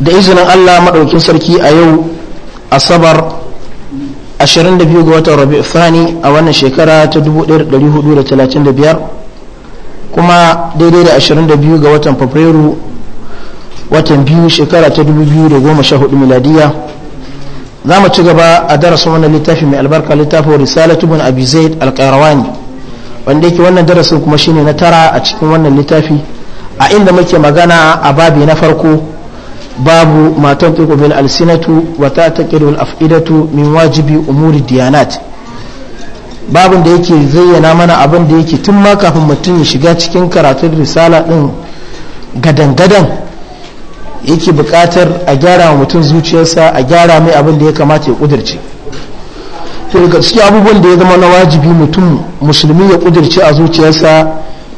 da izinin Allah maɗaukin sarki a yau asabar 22 ga watan rabi fani a wannan shekara ta 1435 kuma daidai da 22 ga watan fabrairu watan biyu shekara ta 2014 miladiya za mu ci gaba a darasin wannan littafi mai albarka littafin risalatu bin abi zaid alƙairawani wanda yake wannan darasin kuma shine na tara a cikin wannan littafi a inda muke magana a babi na farko babu matan tuku bil alsinatu wa ta taqidu al afidatu min wajibi umuri diyanat babin da yake zayyana mana abin da yake tun ma kafin mutum ya shiga cikin karatun risala din gadangadan gadan yake buƙatar a gyara wa mutum zuciyarsa a gyara mai abin da ya kamata ya ƙudirce to daga cikin abubuwan da ya zama na wajibi mutum musulmi ya ƙudirce a zuciyarsa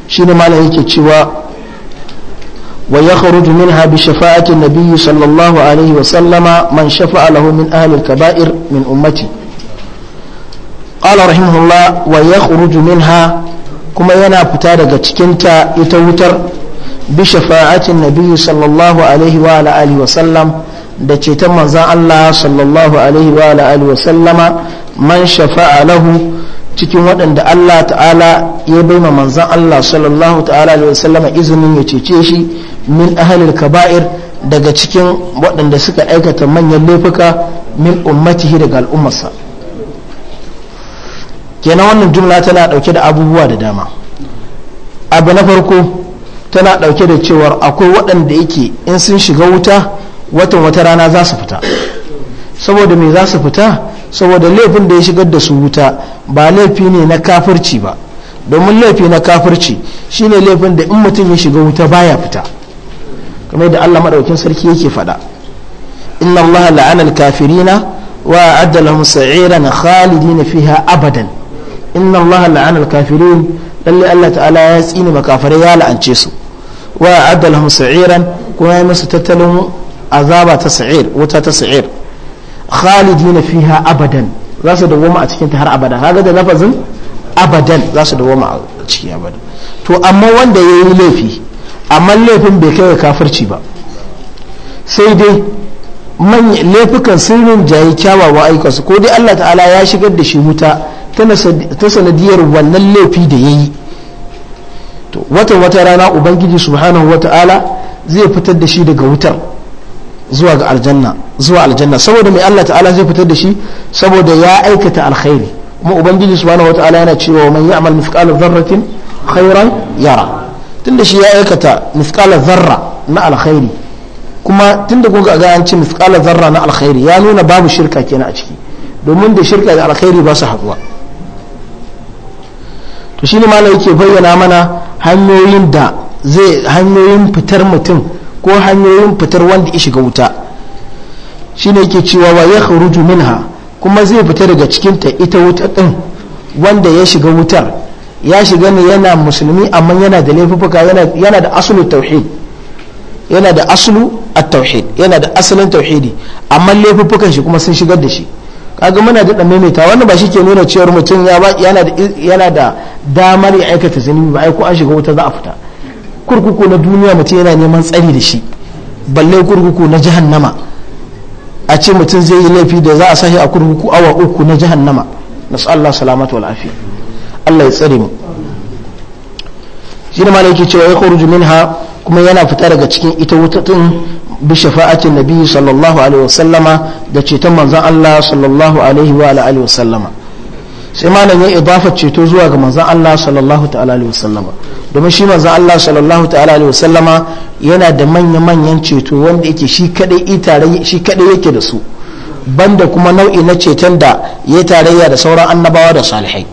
shine malam yake cewa ويخرج منها بشفاعة النبي صلى الله عليه وسلم من شفع له من أهل الكبائر من أمتي قال رحمه الله ويخرج منها كما ينا بتادة تكنتا يتوتر بشفاعة النبي صلى الله عليه وعلى آله وسلم da ceton manzan Allah sallallahu alaihi wa alihi wasallama man shafa'a lahu cikin waɗanda Allah ta'ala ya bai ma manzan Allah sallallahu ta'ala alaihi wasallama izinin ya cece shi min ahalil kaba'ir daga cikin waɗanda suka aikata manyan laifuka min ummatihi daga al'ummarsa kenan wannan jumla tana ɗauke da abubuwa da dama abu na farko tana ɗauke da cewar akwai waɗanda yake in sun shiga wuta watan wata rana za su fita saboda me za su fita saboda laifin da ya shigar da su wuta ba laifi ne na kafirci ba domin laifi na kafirci shine laifin da in mutum ya shiga wuta baya fita kamar da Allah maɗaukin sarki yake faɗa inna Allah la'ana al-kafirina wa a'adda lahum sa'iran khalidina fiha abadan inna Allah la'ana al-kafirin lalle Allah ta'ala ya tsini makafarai ya la'ance su wa a'adda lahum sa'iran kuma ya musu tattalin azaba ta sa'ir wuta ta sa'ir khalidina fiha abadan za su dawoma a cikin ta har abada kaga da lafazin abadan za su dawoma a cikin abadan to amma wanda ya yi laifi amma laifin bai kai ga kafirci ba sai dai laifukan sirrin jayi kyawawan aikansu ko dai Allah ta'ala ya shigar da shi wuta ta sanadiyar wannan laifi da ya yi watan wata rana ubangiji subhanahu wa ta'ala zai fitar da shi daga wutar zuwa ga aljanna zuwa aljanna saboda mai Allah ta'ala zai fitar da shi saboda ya aikata alkhairi kuma ubangiji subhanahu wataala yana cewa man ya'mal mithqala dharratin khairan yara tunda shi ya aikata mithqala zarra na alkhairi kuma tunda kuka ga an ce mithqala zarra na alkhairi ya nuna babu shirka kenan a ciki domin da shirka da alkhairi ba su haduwa to shine malai yake bayyana mana hanyoyin da zai hanyoyin fitar mutum ko hanyoyin fitar wanda ya shiga wuta shine yake cewa wa ya kharuju minha kuma zai fita daga cikin ta ita wuta din wanda ya shiga wutar ya shiga ne yana musulmi amma yana da laifuka yana da aslu tauhid yana da aslu at-tauhid yana da aslan tauhidi amma laifukan shi kuma sun shigar da shi kaga muna da dan maimaita wannan ba shi ke nuna cewa mutum ya yana da yana da damar ya aikata zunubi ba ai ko an shiga wuta za a fita kurkuku na duniya mutum yana neman tsari da shi balle kurkuku na jahannama a ce mutum zai yi laifi da za a sahi a kurkuku awa uku na jahannama nasu Allah salamatu wal afiya Allah ya tsare mu shi ne malaki cewa ya kharuju minha kuma yana fita daga cikin ita wuta din bi shafa'atin nabi sallallahu alaihi sallama da ceton manzon Allah sallallahu alaihi wa alihi sai malam ya idafa ceto zuwa ga manzon Allah sallallahu ta'ala alaihi wasallama domin shi manza Allah sallallahu ta'ala alaihi wasallama yana da manya manyan ceto wanda yake shi kadai itare shi kadai yake da su banda kuma nau'i na ceton da ya tarayya da sauran annabawa da salihai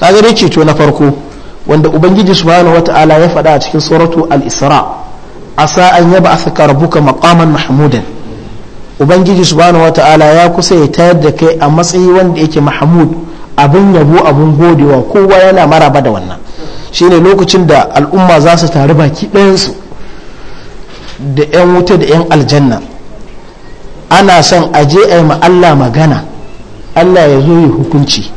kaga dai ceto na farko wanda ubangiji subhanahu wata'ala ya faɗa a cikin suratu al-isra asa an yaba asaka rabbuka maqaman mahmudan ubangiji subhanahu ta'ala ya kusa ya tayar da kai a matsayi wanda yake mahmud abin yabo abin godewa kowa yana maraba da wannan shine lokacin da al'umma za su taru baki ɗayansu da 'yan wuta da 'yan aljanna ana son aje a yi Allah magana Allah ya zo yi hukunci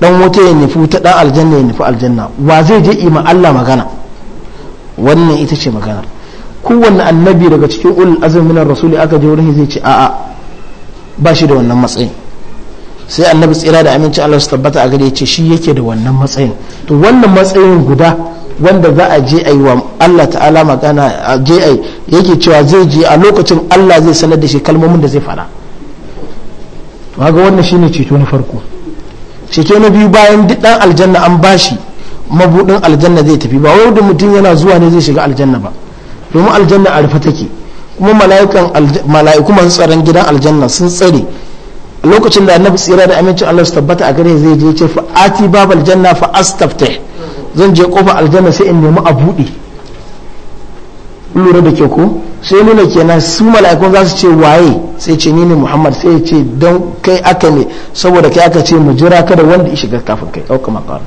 dan wuta ya nufi wuta dan aljanna ya nufi aljanna wa zai je yi Allah magana wannan ita ce magana kowanne annabi daga cikin ulul azumin rasuli aka je wurin zai ce a'a ba shi da wannan matsayin sai annabi tsira da aminci Allah su tabbata a gare ce shi yake da wannan matsayin to wannan matsayin guda wanda za a je ayi wa Allah ta'ala magana a je a yake cewa zai je a lokacin Allah zai sanar da shi kalmomin da zai fara waga wannan shine ceto na farko ceto na biyu bayan duk dan aljanna an bashi mabudin aljanna zai tafi ba wai mutum yana zuwa ne zai shiga aljanna ba domin aljanna a rufe take kuma mala'iku masu tsaron gidan aljanna sun tsare lokacin da annabi tsira da amincin Allah su tabbata a gare zai je ce fa'ati ati babal janna fa astaftah zan je kofa aljanna sai in nemi a buɗe lura da ke ko sai nuna kenan su mala'ikun za su ce waye sai ce ni ne muhammad sai ce don kai aka ne saboda kai aka ce mu jira kada wanda ya shiga kafin kai ɗaukar makawar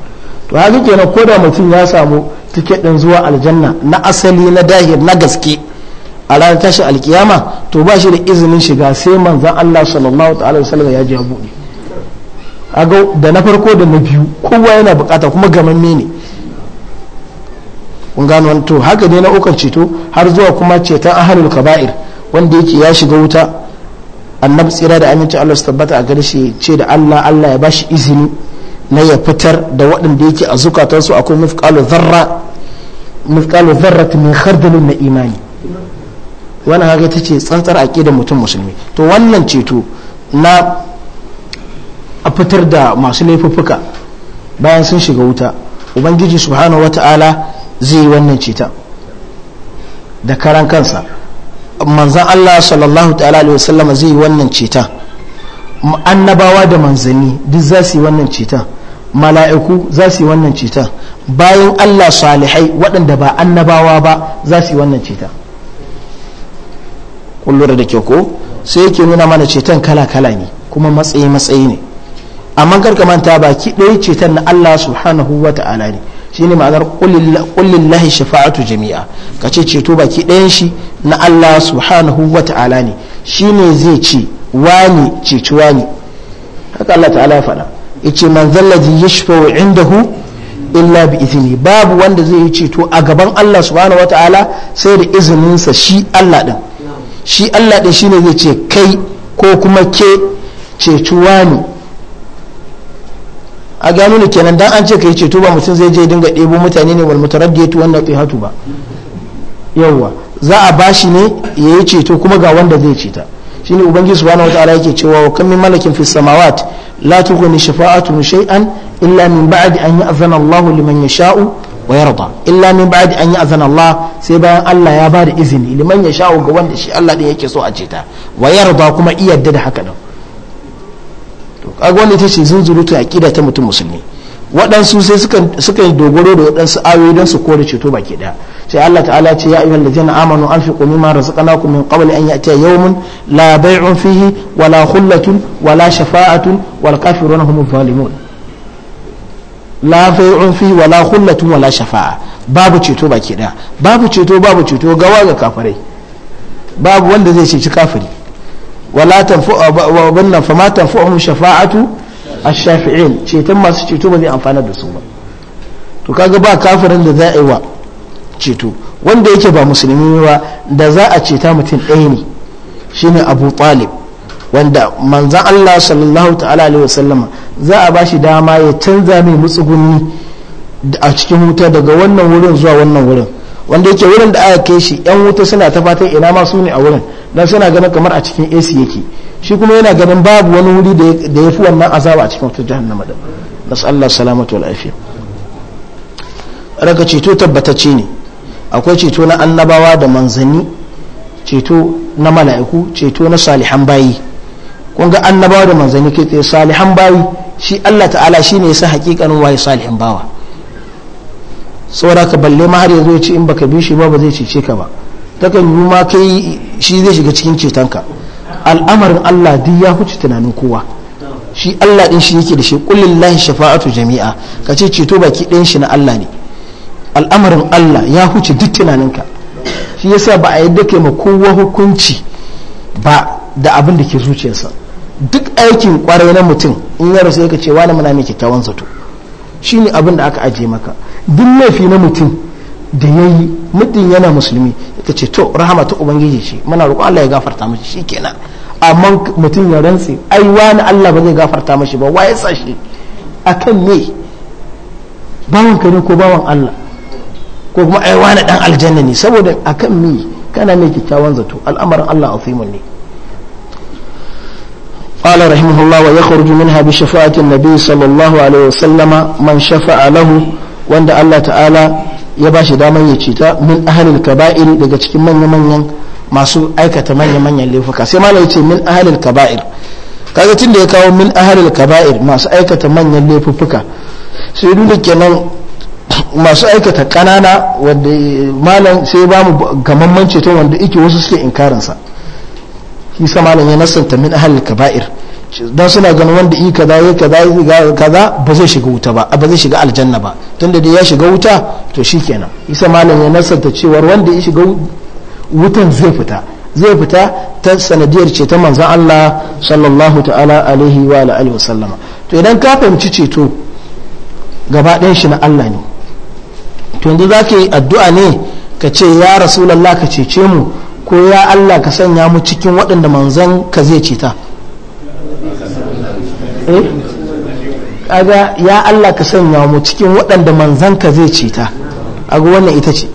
to haka kenan ko da mutum ya samu tiket din zuwa aljanna na asali na dahir na gaske a ranar tashi alkiyama to ba shi da izinin shiga sai manzan Allah sallallahu ta'ala wasallam ya ji ya buɗe aga da na farko da na biyu kowa yana bukata kuma gamamme ne kun gano to haka ne na ukan ceto har zuwa kuma ceton ahlul kaba'ir wanda yake ya shiga wuta annabi tsira da aminci Allah su tabbata a gare shi ce da Allah Allah ya bashi izini na ya fitar da waɗanda yake a zukatansu akwai mufqalu zarra mufqalu zarrat min hardalin na imani wannan haka ta ce tsantsar aqidar mutum musulmi to wannan ceto na a fitar da masu laifuffuka bayan sun shiga wuta ubangiji subhanahu wata'ala zai yi wannan ceta da karan kansa manzan Allah sallallahu ta'ala alaihi wasallama zai yi wannan ceta annabawa da manzanni duk za su yi wannan cetan mala'iku za su yi wannan cetan bayan Allah salihai waɗanda ba annabawa ba za su yi wannan ceta kullura da ke ko sai yake nuna mana cetan kala-kala ne kuma matsayi-matsayi ne amma karka manta baki ɗaya ceton na Allah subhanahu wa ta'ala ne shi ne ma'anar lahi shafa'atu jami'a ka ce ceto baki ɗayan shi na Allah subhanahu wa ta'ala ne shi ne zai ce wani cetuwa ne haka Allah ta'ala ya faɗa yace man zallazi yashfa'u indahu illa bi izini babu wanda zai yi ceto a gaban Allah subhanahu wataala sai da izininsa shi Allah din shi Allah din shine zai ce kai ko kuma ke cetuwa ne a gano ne kenan dan an ce kai ceto ba mutum zai je dinga ɗebo mutane ne wal mutaraddiyatu wannan hatu ba yawwa za a bashi ne yayi ceto kuma ga wanda zai ceta shine ubangiji subhanahu wataala yake cewa wa kam min malakin fis samawat la tughni shafa'atuhum shay'an illa min ba'di an ya'zana Allah liman yasha'u wa yarda illa min ba'di an ya'zana Allah sai bayan Allah ya bada izini liman yasha'u ga wanda shi Allah din yake so a ta wa yarda kuma iyadda da haka nan to kaga wannan ita ce zunzurutu aqida ta mutum musulmi waɗansu sai suka yi dogoro da waɗansu ayoyi don su kore ceto baki ɗaya sai Allah ta'ala ce ya ayyuhal ladzina amanu anfiqu mimma razaqnakum min qabli an ya'tiya yawmun la bay'un fihi wala khullatun wala shafa'atun wal kafiruna humu zalimun la bay'un fihi wala khullatun wala shafa'a babu ceto baki ɗaya babu ceto babu ceto gawa ga kafirai babu wanda zai ceci kafiri wala tanfu wa banna fama tanfu'uhum shafa'atu ash-shafi'in ceton masu ceto ba zai amfana da su ba to kaga ba kafirin da za a yi wa ceto wanda yake ba musulmi ba da za a ceta mutum ɗaya ne shine abu talib wanda manzan allah sallallahu ta'ala alaihi wasallama za a ba shi dama ya canza mai mutsuguni a cikin wuta daga wannan wurin zuwa wannan wurin wanda yake wurin da aka kai shi yan wuta suna ta fatan ina ma su ne a wurin dan suna ganin kamar a cikin AC yake shi kuma yana ganin babu wani wuri da ya fi wannan azaba a cikin wata jahannama da nasu Allah salamatu wa lafiya raka ceto tabbatacce ne akwai ceto na annabawa da manzanni ceto na mala'iku ceto na salihan bayi kun ga annabawa da manzanni ke tsaye salihan bayi shi Allah ta'ala shi ne ya sa hakikanin waye salihan bawa sauraka ka balle ma har yanzu ya ce in baka bi shi ba ba zai cece ka ba takan yi ma kai shi zai shiga cikin cetonka al'amarin Allah duk ya huce tunanin kowa shi Allah din shi yake da shi lahi shafa'atu jami'a ka ce ceto baki ɗayan shi na Allah ne al'amarin Allah ya huce duk tunanin ka shi yasa ba a yadda kai ma kowa hukunci ba da abin da ke zuciyarsa duk aikin kwarai na mutum in ya rasu yaka ce wani muna mai kyakkyawan zato shine abin da aka ajiye maka duk laifi na mutum da ya yi muddin yana musulmi ita ce to rahama ta ubangiji ce muna roƙon Allah ya gafarta mashi shi kenan amma mutum ya rantse ai wani Allah ba zai gafarta mashi ba wa ya sa shi akan me bawan ka ne ko bawan Allah ko kuma ai wani dan aljanna ne saboda akan me kana mai kyakkyawan zato al'amarin Allah azimun ne قال رحمه الله ويخرج منها بشفاعة النبي صلى الله عليه وسلم من شفع له وند الله تعالى ya ba shi damar ya ta min ahalil kaba'ir daga cikin manya-manyan masu aikata manya-manyan laifuka sai malam ya ce min ahalil kaba'ir kaga tun da ya kawo min ahalil kaba'ir masu aikata manyan laifuka sai nuna kenan masu aikata kanana wanda malam sai ba mu gamamman ceton wanda ike wasu suke inkarinsa shi sa malam ya nasanta min ahalil kaba'ir dan suna ganin wanda yi kaza ya kaza kaza ba zai shiga wuta ba ba zai shiga aljanna ba tunda da ya shiga wuta to shi shikenan isa malam ya nasarta cewa wanda ya shiga wutan zai fita zai fita ta sanadiyar ce ta manzon Allah sallallahu ta'ala alaihi wa alihi wasallama to idan ka fahimci ceto gaba ɗayan shi na Allah ne to yanzu zaka yi addu'a ne ka ce ya rasulullah ka cece mu ko ya Allah ka sanya mu cikin waɗanda manzon ka zai ceta Eh? kaga ya Allah ka sanya mu cikin waɗanda manzanka zai ce ta aga wannan ita ce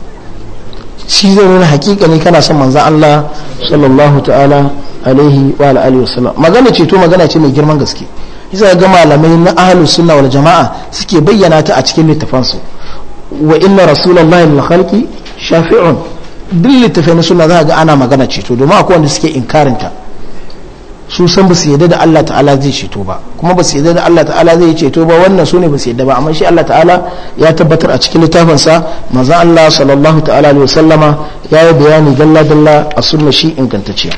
shi zai nuna hakika ne kana son manzan Allah sallallahu ta'ala alaihi wa alihi wa sallam magana ce to magana ce mai girman gaske yasa ga malamai na ahlus sunna wal jamaa suke bayyana ta a cikin littafansu wa inna rasulullahi lil khalqi shafi'un duk littafai suna sunna za ga ana magana ce to domin akwai wanda suke inkarin ta su san ba su yadda da Allah ta'ala zai ceto ba kuma ba Allah ta'ala zai ceto ba wannan su ne ba su yadda ba amma shi Allah ta'ala ya tabbatar a cikin littafinsa manzon Allah sallallahu ta'ala alaihi ya yi bayani dalla dalla a sunna shi ingantacciya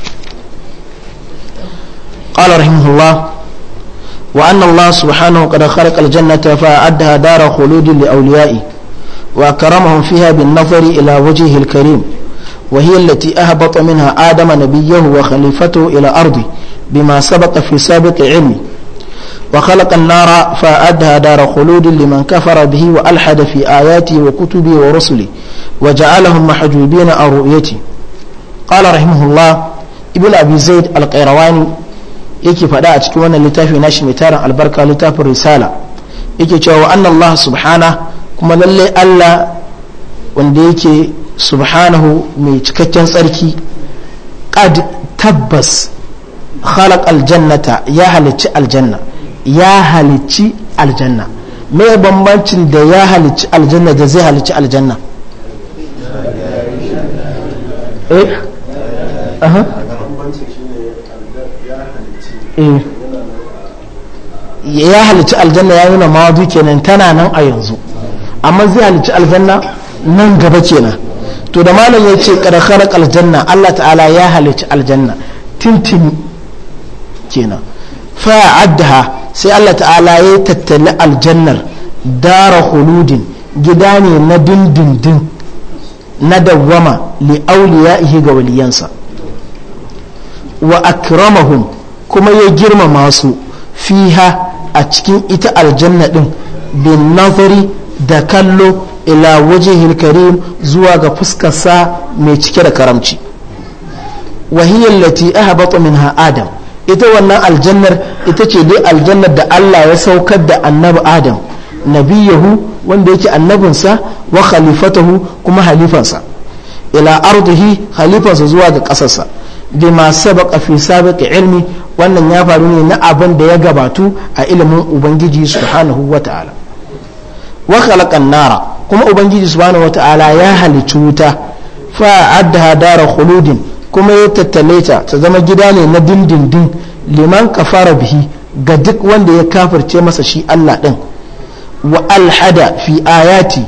qala rahimahullah wa anna Allah subhanahu qad khalaqa al ta fa addaha dara khuludin li awliya'i wa karamahum fiha bin nazari ila wajhihi al-karim min ha adama منها آدم نبيه وخليفته إلى أرضه بما سبق في سابق علمي وخلق النار فأدها دار خلود لمن كفر به وألحد في آياته وكتبه ورسله وجعلهم محجوبين عن رؤيته قال رحمه الله ابن أبي زيد القيرواني yake faɗa a cikin wannan littafi nashi mai tarin albarka littafin risala yake cewa anna Allah subhana kuma lalle Allah wanda yake subhanahu mai cikakken tsarki qad tabbas khalaq aljannata ya halicci aljanna ya halicci aljanna me bambancin da ya halicci aljanna da zai halicci aljanna ya halicci aljanna ya nuna mawadu kenan tana nan a yanzu amma zai halicci aljanna nan gaba kenan to da malam ya ce kada kharaq aljanna Allah ta'ala ya halicci aljanna tintini kenan fa'addaha sai Allah ta'ala ya tattali aljannar dara huludin gida ne na dindindin na dawwama li auliya'ihi ga waliyansa wa akramahum kuma ya girmama su fiha a cikin ita aljanna din bin nazari da kallo ila wajihil karim zuwa ga fuskarsa mai cike da karamci wahiyar lati min minha adam ita wannan aljannar ita ce dai aljannar da Allah ya saukar da annabi Adam nabiyahu wanda yake annabinsa wa khalifatahu kuma halifansa ila ardihi halifansa zuwa ga ƙasarsa bima sabaqa fi sabiqi ilmi wannan ya faru ne na abin da ya gabatu a ilimin ubangiji subhanahu wata'ala wa khalaqan nara kuma ubangiji subhanahu wata'ala ya halicci wuta fa addaha dara khuludin kuma ya tattale ta ta zama gida ne na dindindin liman kafara bihi ga duk wanda ya kafirce masa shi Allah ɗin. wa alhada fi ayati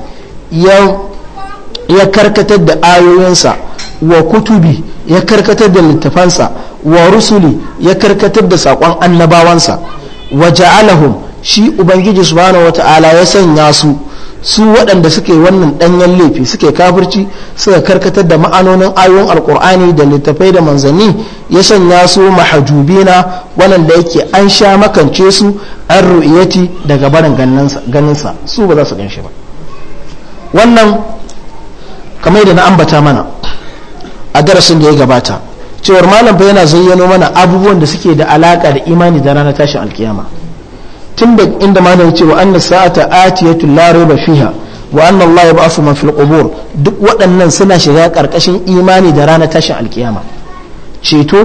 ya karkatar da ayoyinsa wa kutubi ya karkatar da littafansa wa rusuli ya karkatar da saƙon annabawansa wa ja'alahum shi ubangiji subhanahu wata'ala ya sanya su su waɗanda suke wannan ɗanyen laifi suke kafirci suka karkatar da ma'anonin ayoyin alkur'ani da littafai da manzanni ya sanya su mahajubina waɗanda yake an sha makance su an ru'iyati daga barin ganinsa su ba za su ganshi ba wannan kamar da na ambata mana a darasin da ya gabata cewar malam fa yana zayyano mana abubuwan da suke da alaka da imani da ranar tashin alkiyama tun da inda ma da ce wa anna sa'ata atiyatu la rayba fiha wa anna Allah yab'athu man fil qubur duk waɗannan suna shiga karkashin imani da ranar tashin alkiyama ceto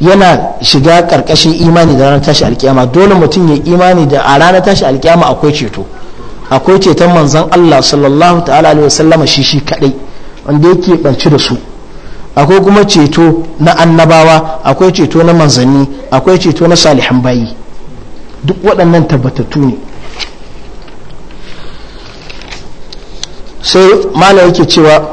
yana shiga karkashin imani da ranar tashin alkiyama dole mutum ya imani da a ranar tashin alkiyama akwai ceto akwai ceton manzon Allah sallallahu ta'ala alaihi wasallama shi shi kadai wanda yake barci da su akwai kuma ceto na annabawa akwai ceto na manzanni akwai ceto na salihan bayi duk waɗannan tabbatattu ne sai mala yake cewa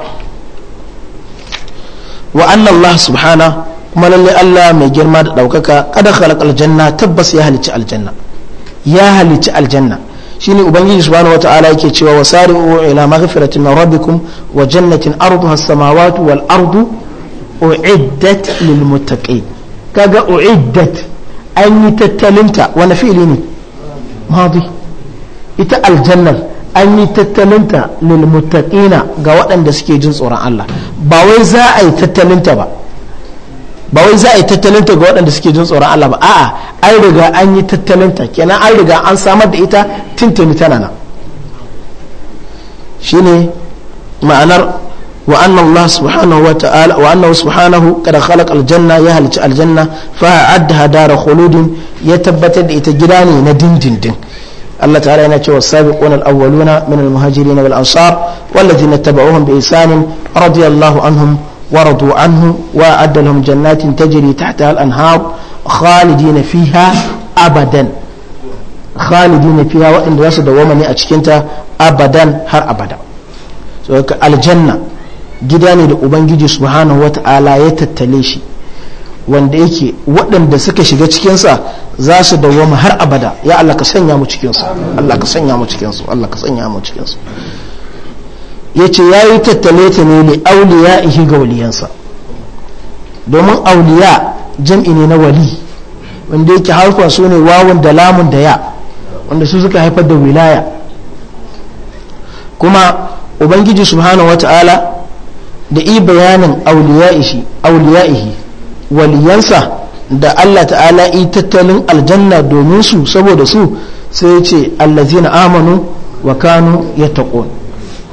wa Allah subhana kuma lalle Allah mai girma da ɗaukaka kada khalaq aljanna tabbas ya halicci aljanna ya halicci aljanna shine ubangiji subhanahu wata'ala yake cewa wa sari'u ila maghfiratin min rabbikum wa jannatin arduha as-samawati wal ardu u'iddat lil muttaqin kaga u'iddat an yi tattalinta wani fi'ili ne madi ita aljannar an yi tattalinta lilmuttaqina ga waɗanda suke jin tsoron Allah ba wai za a yi tattalinta ba ba wai za a yi tattalinta ga waɗanda suke jin tsoron Allah ba a'a an riga an yi tattalinta kenan an riga an samar da ita tintini tana nan shine ma'anar وأن الله سبحانه وتعالى وأنه سبحانه قد خلق الجنة يهلك الجنة فأعدها دار خلود يتبت إتجراني ندين دين دين الله تعالى ينتهي السابقون الأولون من المهاجرين والأنصار والذين اتبعوهم بإحسان رضي الله عنهم ورضوا عنه وأعد لهم جنات تجري تحتها الأنهار خالدين فيها أبدا خالدين فيها وإن رسد ومن أتشكنت أبدا هر أبدا الجنة gida ne da ubangiji subhanahu wata'ala ya tattale shi wanda yake waɗanda suka shiga cikinsa za su dawoma har abada ya Allah ka sanya mu cikinsu Allah ka sanya mu cikinsu Allah ka sanya mu cikinsu ya ce ya yi tattale ta ne li auliya ihi ga waliyansa domin auliya jam'i ne na wali wanda yake harkuwa su ne wawun da lamun da ya wanda su suka haifar da wilaya kuma ubangiji subhanahu wata'ala da i bayanin auliya'ihi waliyansa da Allah ta'ala i tattalin aljanna domin su saboda su sai ya ce allazina amanu wa kanu yattaqun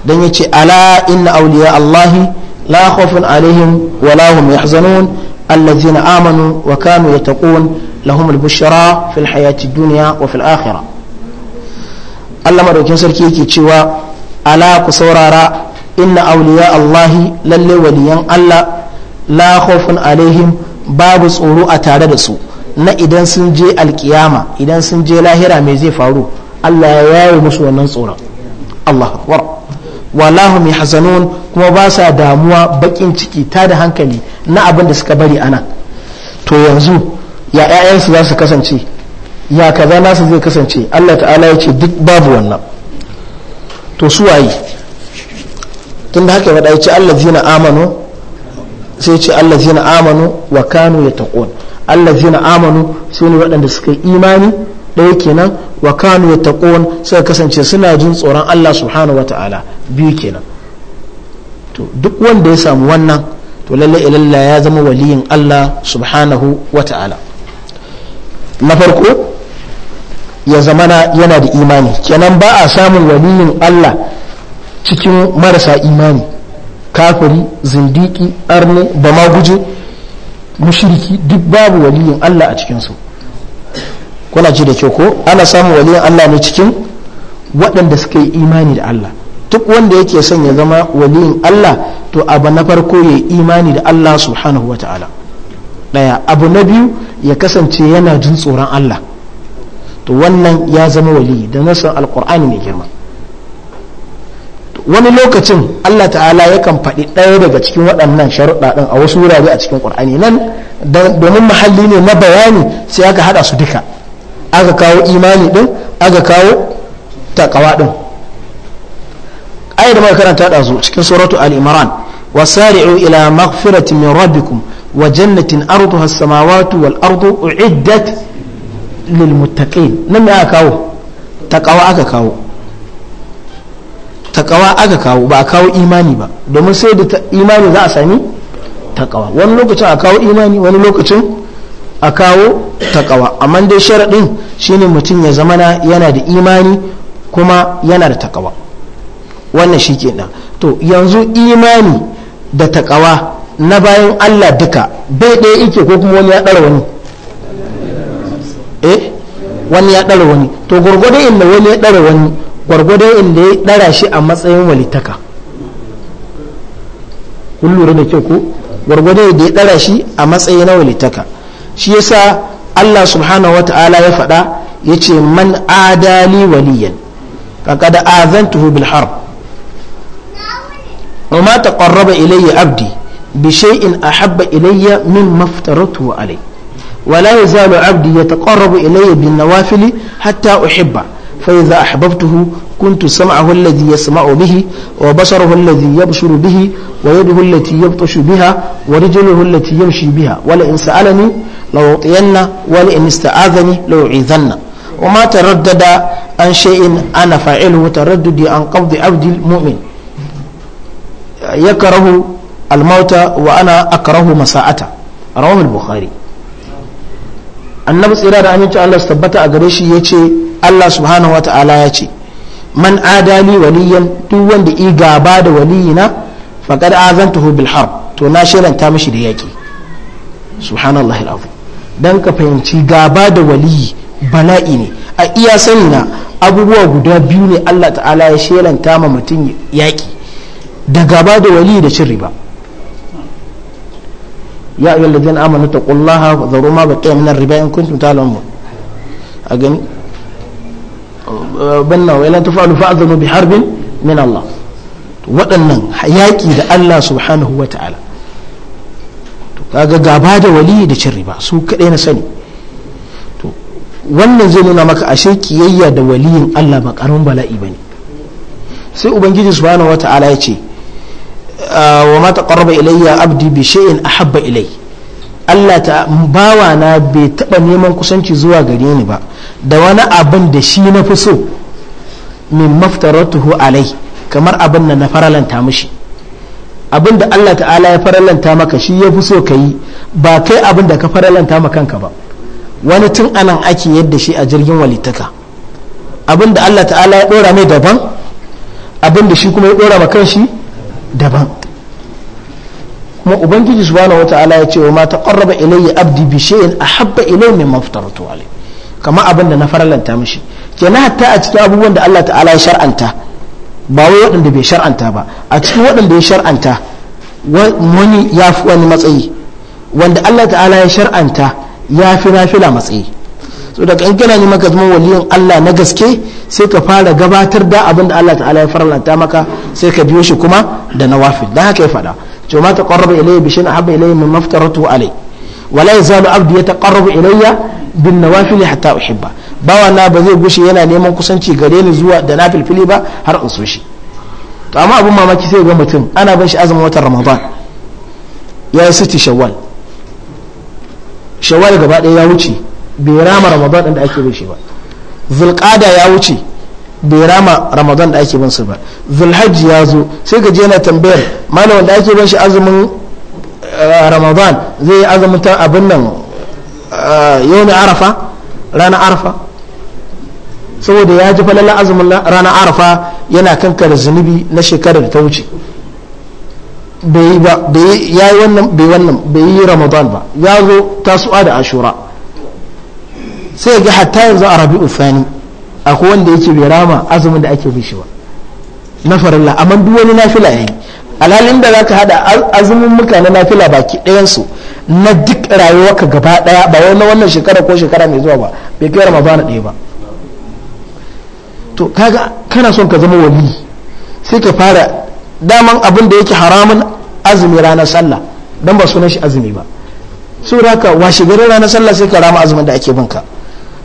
dan ya ce ala inna auliya Allahi la khawfun alaihim wa la yahzanun allazina amanu wa kanu yattaqun lahum al fil hayati duniya wa fil akhirah Allah madaukin sarki yake cewa ala ku saurara inna awliya allahi lalle waliyan allah la khawfun alaihim babu tsoro a tare da su na idan sun je alkiyama idan sun je lahira mai zai faru allah ya yaye musu wannan tsoron allah akbar wallahu mai hasanun kuma ba sa damuwa bakin ciki ta da hankali na abin da suka bari ana to yanzu ya 'ya'yansu za su kasance ya kaza nasu zai kasance allah ta'ala ya ce duk babu wannan to su waye tun da haka ya faɗa ce Allah zina amanu sai ce Allah zina amanu wa kanu ya taƙon Allah zina amanu su ne waɗanda suka yi imani ɗaya kenan wa kanu ya taƙon suka kasance suna jin tsoron Allah subhanahu wa ta'ala biyu kenan to duk wanda ya samu wannan to lallai ilalla ya zama waliyin Allah subhanahu wa ta'ala na farko ya zamana yana da imani kenan ba a samun waliyin Allah cikin marasa imani kafiri zindiki arne da maguje mushriki duk babu waliyin Allah a cikinsu kuna ji da kyau ko ana samun waliyin Allah ne cikin waɗanda suka yi imani da Allah duk wanda yake son ya zama waliyin Allah to abu na farko ya yi imani da Allah subhanahu wa ta'ala ɗaya abu na biyu ya kasance yana jin tsoron Allah to wannan ya zama waliyi da nasan alkur'ani mai girma wani lokacin Allah ta'ala yakan faɗi ɗaya daga cikin waɗannan sharuɗa ɗin a wasu wurare a cikin ƙur'ani nan domin mahalli ne na bayani sai aka haɗa su duka aka kawo imani ɗin aka kawo takawa ɗin ayar da karanta da zo cikin suratu al-imran wasari'u ila maghfirati min rabbikum wa jannatin arduha as-samawati wal ardu u'iddat lil muttaqin nan me aka kawo takawa aka kawo takawa aka kawo ba a kawo imani ba domin sai da imani za a sami takawa wani lokacin a kawo imani wani lokacin a kawo takawa amma dai sharaɗin shine mutum ya zamana yana da imani kuma yana da takawa wannan shi ke to yanzu imani da takawa na bayan allah duka bai ɗaya ike ko kuma wani ya ɗara wani eh wani ya ɗara wani to gwargwadon inda wani ya ɗara wani gwargwadon inda ya ɗara shi a matsayin walitaka kun lura da kyau ko gwargwadon inda ya ɗara shi a matsayi na walitaka shi yasa Allah subhanahu wata'ala ya faɗa ya ce man adali waliyan kakada azantuhu bil harb wa ma taqarraba ilayya abdi bi shay'in ahabba ilayya mimma aftaratuhu alayhi ولا يزال عبدي ilayya bin nawafili hatta uhibba فإذا أحببته كنت سمعه الذي يسمع به وبصره الذي يبصر به ويده التي يبطش بها ورجله التي يمشي بها ولئن سألني لأعطين ولئن استعاذني لأعيذن وما تردد عن شيء أنا فاعله ترددي عن قبض عبد المؤمن يكره الموت وأنا أكره مساءته رواه البخاري annabi tsira da aminci Allah su tabbata a gare shi ya ce Allah subhanahu wata'ala ya ce man adali waliyan duk wanda i gaba da waliyina faqad azantuhu bil harb to na shiranta mishi da yaki subhanallah alazim dan ka fahimci gaba da waliyi bala'i ne a iya sani na abubuwa guda biyu ne Allah ta'ala ya shiranta ma mutum yaki da gaba da waliyi da cin riba ya ayyuhallazina amanu taqullaha wa dharu ma baqiya min ar-riba in kuntum ta'lamun a gani banna wa lan tafalu fa'zanu bi harbin min Allah waɗannan yaƙi da Allah subhanahu wa ta'ala to kaga gaba da wali da cin riba su kaɗai na sani to wannan zai nuna maka ashe kiyayya da waliyin Allah ba ƙaramin bala'i bane sai ubangiji subhanahu wa ta'ala ya ce ah, wa ma taqarraba ilayya abdi bi shay'in ahabba ilayya Allah ta bawa na bai taɓa neman kusanci zuwa gare ni ba da wani abin da shi na fi so min maftaratuhu alai kamar abin da na faralanta mishi abin da Allah ta'ala ya faralanta maka shi ya fi so ka yi ba kai abin da ka faralanta ma kanka ba wani tun anan ake yadda shi a jirgin walitaka abin da Allah ta'ala ya ɗora mai daban abin da shi kuma ya ɗora ma shi daban kuma ubangiji subhanahu wata'ala ya ce wa ma ilai ilayya abdi bi a ahabba ilayya mimma aftaratu alayhi kama abin da na faralanta mishi na hatta a cikin abubuwan da Allah ta'ala ya shar'anta ba wa waɗanda bai shar'anta ba a cikin waɗanda ya shar'anta wani ya fi wani matsayi wanda Allah ta'ala ya shar'anta ya fi nafila matsayi so daga in kana ne maka zama waliyin Allah na gaske sai ka fara gabatar da abin da Allah ta'ala ya faralanta maka sai ka biyo shi kuma da na nawafil da haka ya faɗa وما تقرب إلي بشيء أحب إلي alai افترضته عليه ولا يزال عبدي يتقرب إلي hatta حتى أحبه bawa na ba zai gushe yana neman kusanci gare ni zuwa da na filfili ba har in so shi to amma abin mamaki sai ga mutum ana ban shi azumin watan ramadan ya yi siti shawwal shawwal gaba ɗaya ya wuce bai rama ramadan ɗin da ake bin shi ba zulqada ya wuce bai rama ramadan da ake binsa ba zulhajji ya zo sai ka je na tambayar malam da ake bin shi azumin eh, ramadan zai yi azumin ta abin nan eh, yau ne arafa ranar arafa saboda ya ji falalar azumin ranar arafa yana kankar zunubi na shekarar ta wuce bai yi wannan bai wannan bai yi ramadan ba ya zo tasu'a da ashura sai ga hatta yanzu a rabi'u fani akwai wanda yake bai rama azumin da ake bishi ba na farilla amma duk wani nafila yayi alhalin da zaka hada azumin muka na nafila baki ɗayan su na duk ka gaba daya ba wai na wannan shekara ko shekara mai zuwa ba bai kai ramadan ɗaya ba to kaga kana son ka zama wali sai ka fara daman abin da yake haramun azumi ranar sallah dan ba sunan shi azumi ba saboda wa washe garin ranar sallah sai ka rama azumin da ake binka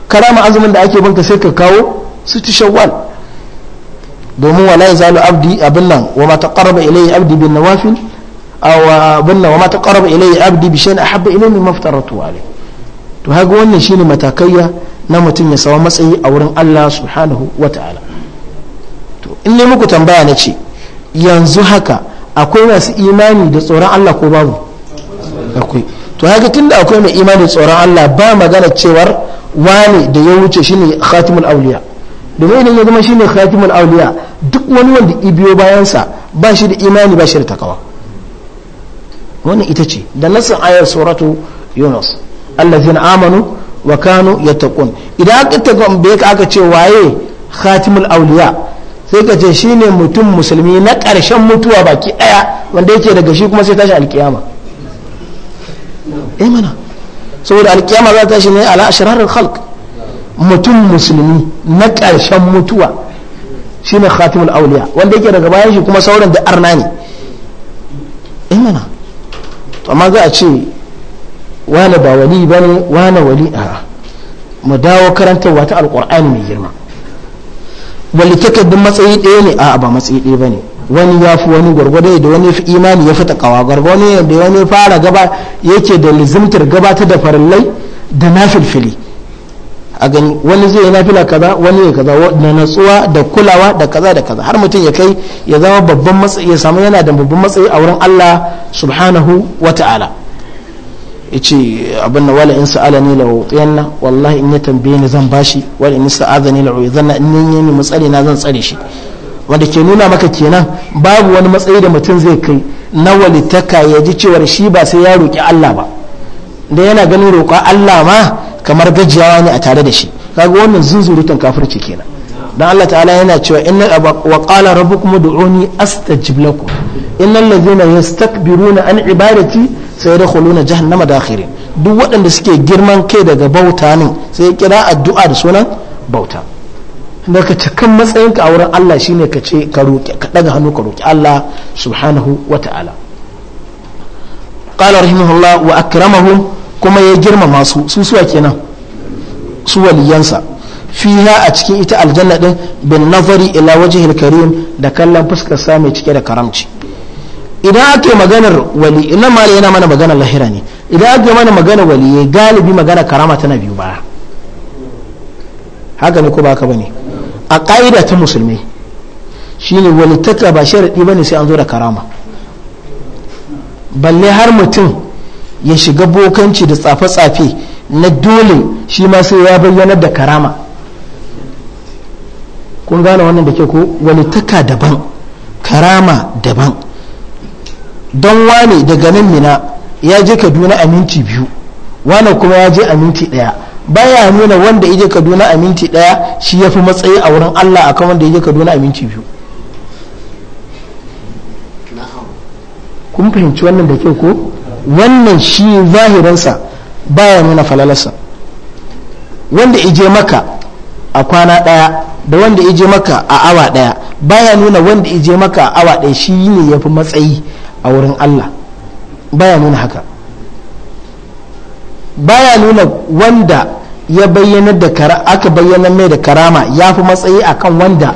karama azumin da ake banka sai ka kawo su ci shawwal domin wala zalu abdi abin nan wa ma ta taqarraba ilayhi abdi bin nawafil aw abin nan wa ma ta taqarraba ilayhi abdi bi shay'in ahabba ilayhi min aftaratu alayhi to haka wannan shine matakaiya na mutum ya sawa matsayi a wurin Allah subhanahu ta'ala to in ne muku tambaya na ce yanzu haka akwai masu imani da tsoron Allah ko babu akwai to haka tunda akwai mai imani da tsoron Allah ba magana cewar wane da ya wuce shine khatimul auliya domin idan ya zama shine khatimul auliya duk wani wanda ibiyo bayansa ba shi da imani ba shi da takawa wannan ita ce da nasin ayar suratu yunus allazina amanu wa kanu yattaqun idan aka tambaye ka aka ce waye khatimul auliya sai ka ce shine mutum musulmi na ƙarshen mutuwa baki ɗaya wanda yake daga shi kuma sai tashi alkiyama eh mana saboda alkiyama za ta tashi ne ala ashrarin khalq mutum musulmi na ƙarshen mutuwa shine khatimul auliya wanda yake daga bayan shi kuma sauran da arna ne imana eh to amma za a ce wane ba wali bane wane wali a mu dawo karantarwa ta alqur'ani mai girma wali takaddun matsayi ɗaya ne a ba matsayi ɗaya bane wani ya fi wani gwargwado da wani imani ya fi takawa gwargwado da wani fara gaba yake da lizimtar gabatar da farillai da na filfili a gani wani zai na fila kaza wani ya kaza da natsuwa da kulawa da kaza da kaza har mutum ya kai ya zama babban matsayi ya samu yana da babban matsayi a wurin Allah subhanahu wa ta'ala yace abin na wala in sa'ala ni la yanna wallahi in ya tambaye ni zan bashi wala in sa'adha ni la uizanna in yi ni matsali na zan tsare shi wanda ke nuna maka kenan babu wani matsayi da mutum zai kai na walitaka ya ji cewar shi ba sai ya roƙi Allah ba da yana ganin roƙa Allah ma kamar gajiyawa ne a tare da shi kaga wannan zunzurutan kafirci kenan dan Allah ta'ala yana cewa inna wa qala rabbukum ud'uni astajib lakum innal ladhina yastakbiruna an ibadati sayadkhuluna jahannama dakhirin duk waɗanda suke girman kai daga bauta ne sai kira addu'a da sunan bauta kuma ka cikan matsayinka a wurin Allah shine ka ce ka roƙi ka daga hannu ka roƙi Allah subhanahu wa ta'ala qala rahimahullah wa akramahum kuma ya girmama su su suwa kenan su waliyansa fiha a cikin ita aljanna din bin nazari ila wajhil karim da kallon fuskar sa mai cike da karamci idan ake maganar wali ina mali yana mana maganar lahira ne idan ake mana maganar wali galibi magana karama tana biyu baya haka ne ko ba haka bane a ƙa'ida ta musulmi shine walittaka ba sharaɗi ba ne sai an zo da karama balle har mutum ya shiga bokanci da tsafe-tsafe na dole shi ma sai ya bayyanar da karama kun gane wannan da ke ko walittaka daban karama daban don wane daga nan mina ya je kaduna a minti biyu wane kuma ya je a ɗaya baya nuna wanda ije kaduna a minti daya shi ya fi matsayi a wurin allah akan wanda ije kaduna a minti biyu kun fahimci wannan da kyau ko wannan shi zahirinsa baya nuna falalarsa wanda ije maka a kwana daya da wanda ije maka a awa daya baya nuna wanda ije maka a awa daya shi ne ya fi matsayi a wurin allah baya nuna haka baya nuna wanda ya bayyana da aka bayyana mai da karama ya fi matsayi akan wanda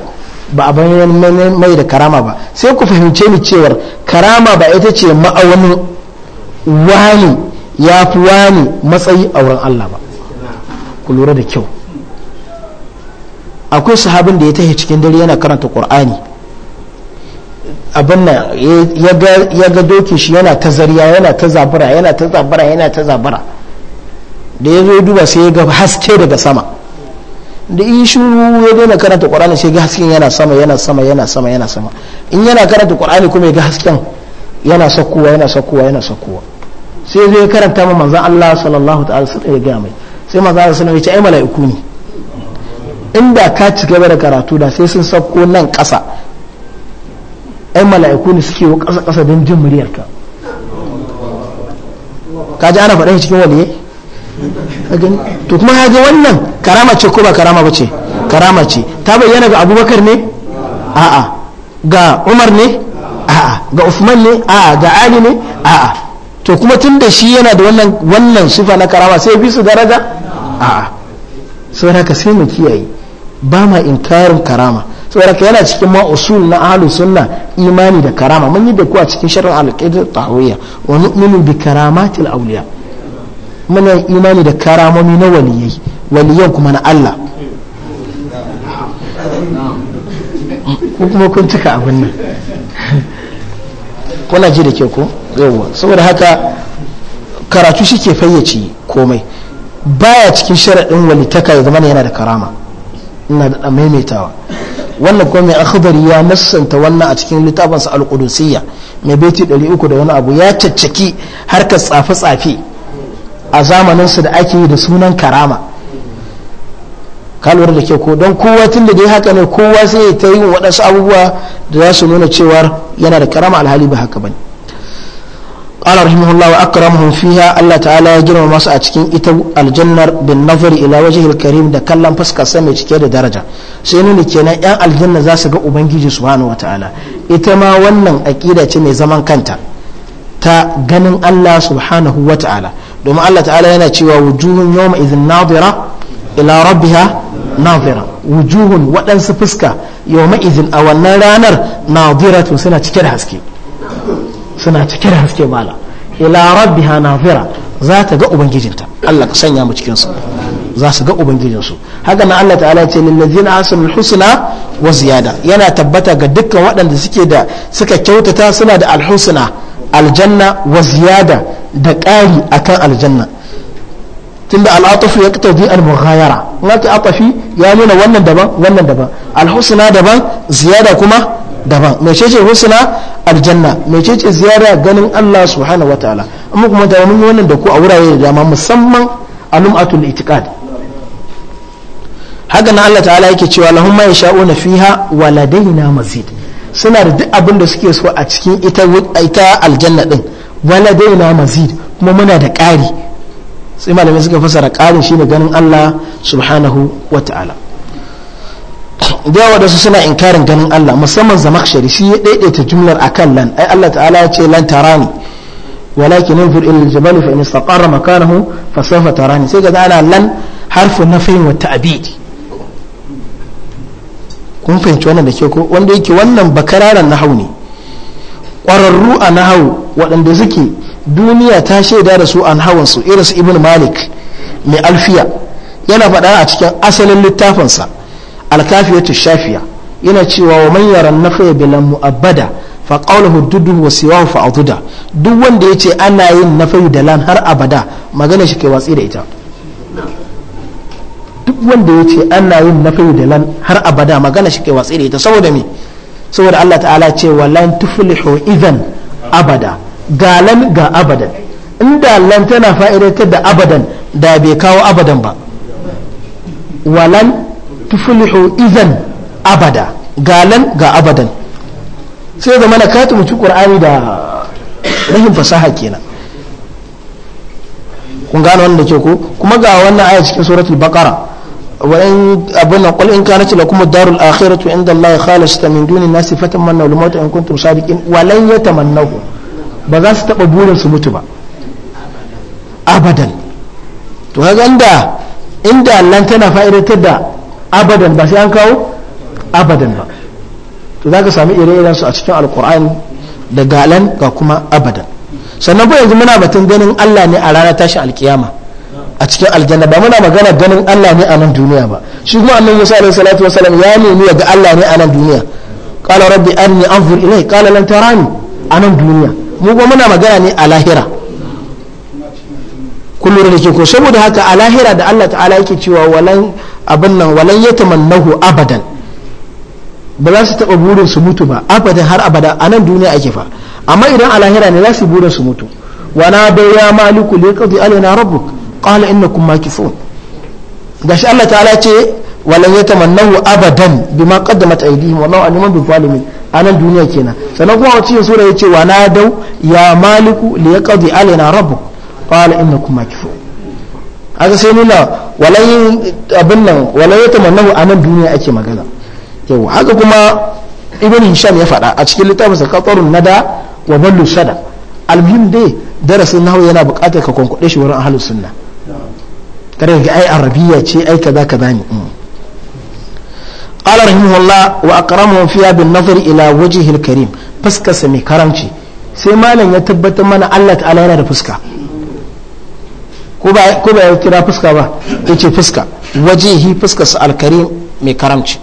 ba a bayyana mai da karama ba sai ku fahimce ni cewar karama ba ita ce ma'aunin wani ya fi wani matsayi a wurin Allah ba ku lura da kyau akwai sahabin da ya tahi cikin dare yana karanta qur'ani abin ya ga dokin shi yana ta zariya yana ta zabura yana ta zabura yana ta zabura da ya zo duba sai ya ga haske daga sama da in shuru ya daina karanta qur'ani sai ga hasken yana sama yana sama yana sama yana sama in yana karanta qur'ani kuma ya ga hasken yana sakkowa yana sakkowa yana sakkowa sai zai karanta ma manzon Allah sallallahu ta'ala sai ya ga mai sai manzon Allah sallallahu ya ce ai mala'iku ne inda ka ci gaba da karatu da sai sun sakko nan ƙasa ai mala'iku ne suke kasa ƙasa don jin muryarka ka ji ana faɗa cikin waliyai to kuma ya ji wannan karama ce ko ba karama ba ce karama ce ta bayyana ga abubakar ne a'a ga umar ne a'a ga usman ne a'a ga ali ne a'a to kuma tun da shi yana da wannan wannan sifa na karama sai bi su daraja a'a saboda ka sai mu kiyaye ba ma inkarin karama saboda ka yana cikin ma usul na ahlu sunna imani da karama mun yi da ku a cikin shar'an al-qidah tahawiyya wa nu'minu bi karamatil awliya muna imani da karamomi na waliyai waliyan kuma na Allah ko kuma kun cika abin nan kuna ji da ke ko yawwa saboda haka karatu shi ke fayyace komai baya cikin sharaɗin walitaka ya zama yana da karama ina da maimaitawa wannan kuma mai akhbari ya nassanta wannan a cikin littafinsa al-qudusiyya mai baiti 300 da wani abu ya caccaki harkar tsafe-tsafe a zamaninsu da ake yi da sunan karama kalwar da ke ko don kowa tun da dai haka ne kowa sai ta yi waɗansu abubuwa da za su nuna cewar yana da karama alhali ba haka bane قال رحمه الله وأكرمهم فيها الله تعالى يجرم ما سأتكين إتو الجنة بالنظر إلى وجه الكريم ده كلام بس كسمة كده درجة سينون كنا يا الجنة ذاس جو أبنجي سبحانه وتعالى إتما ونن أكيد تمي زمان كنتا تا جنن الله سبحانه وتعالى domin Allah ta'ala yana cewa wujuhun yawma izin nadira ila rabbiha nadira wujuhun waɗansu fuska yawma izin a wannan ranar tun suna cike da haske suna cike da haske mala ila rabbiha nadira za ta ga ubangijinta Allah ka sanya mu cikin za su ga ubangijinsu haka na Allah ta'ala ce lillazina ahsanul husna wa ziyada yana tabbata ga dukkan waɗanda suke da suka kyautata suna da alhusna aljanna wa ziyada da ƙari akan aljanna tunda al'atafu ya qtadi al-mughayara wata atafi ya nuna wannan daban wannan daban al-husna daban ziyada kuma daban mecece husna aljanna mecece ziyara ganin Allah subhanahu wataala amma kuma da mun wannan da ku a wurare da dama musamman alum'atul itiqad haka na Allah ta'ala yake cewa lahum ma yasha'una fiha wa mazid suna da duk abin da suke so a cikin ita ita aljanna din wala dai na mazid kuma muna da ƙari sai malamai suka fasara ƙarin shi da ganin Allah subhanahu wata'ala da yawa su suna inkarin ganin Allah musamman zamakshari shi ya daidaita jumlar akan lan ai Allah ta'ala ya ce lan tarani walakin anzur ila al fa in istaqarra makanahu fa sawfa tarani sai ga ana lan harfu nafin wa ta'bid kun fahimci wannan da ke ko wanda yake wannan bakararan nahau ne ƙwararru a nahau waɗanda suke duniya ta shaida da su hawan su irin su ibn malik mai alfiya yana faɗa a cikin asalin littafinsa alkafiyatu shafiya yana cewa wa man yaran nafaya bilan mu'abbada fa qawluhu dudu wa siwahu fa duk wanda ya ce ana yin nafayu da lan har abada magana shi kai watsi da ita duk wanda ya ce ana yin nafi da lan har abada magana shi ke watsi da ita saboda me saboda Allah ta'ala ce walan tuflihu idan abada ga lan ga abadan inda lan tana fa'idatar da abadan da bai kawo abadan ba walan tuflihu idan abada ga lan ga abadan sai zama na katu mutu qur'ani da rahin fasaha kenan kun gane wanda ke ku kuma ga wannan aya cikin suratul baqara wa in abuna qul in kana tila kuma darul akhiratu inda allahi khalasta min duni nasi fatamanna wal mawt in kuntum sabiqin wa lan yatamannahu ba za su taba burin su mutu ba abadan to kaga inda inda Allah tana fa'idatar da abadan ba sai an kawo abadan ba to zaka sami ire-iren su a cikin alqur'ani da galan ga kuma abadan sannan ko yanzu muna batun ganin Allah ne a ranar tashi alkiyama a cikin aljanna ba muna magana ganin Allah ne a nan duniya ba shi kuma annabi Musa alaihi salatu wasalam ya nemi ga Allah ne a nan duniya qala rabbi anni anzur ilayhi qala lan tarani a nan duniya mu kuma muna magana ne a lahira kullum da ke ko saboda haka a lahira da Allah ta'ala yake cewa walan abin nan walan yatamannahu abadan ba za su taɓa burin su mutu ba abadan har abada a nan duniya ake fa amma idan a lahira ne za su burin su mutu wana bai ya maliku rabu qadi alaina rabbuk maki innakum ga shi Allah ta'ala ce wala manna wa abadan bima wala aydihim wallahu bi bil a nan duniya kenan sannan kuma wacce yin sura ce wa dau ya maliku li qadi alaina rabbuk qala innakum makithun haka sai nuna walan abin nan walan a nan duniya ake magana yau haka kuma ibn hisham ya faɗa a cikin littafinsa qatarun nada wa ballu sada almuhim dai darasin nahawu yana buƙatar ka kwankwaɗe shi wurin ahlus sunna kare ga ai arabiya ce ai kaza kaza ne mm. qala rahimahullah wa akramuhum fiha bin nazar ila wajhil karim fuska sa mai karamci sai malam ya tabbatar mana Allah ta'ala yana da fuska ko ba ya kira fuska ba ya ce fuska wajihi fuska su alkarim mai karamci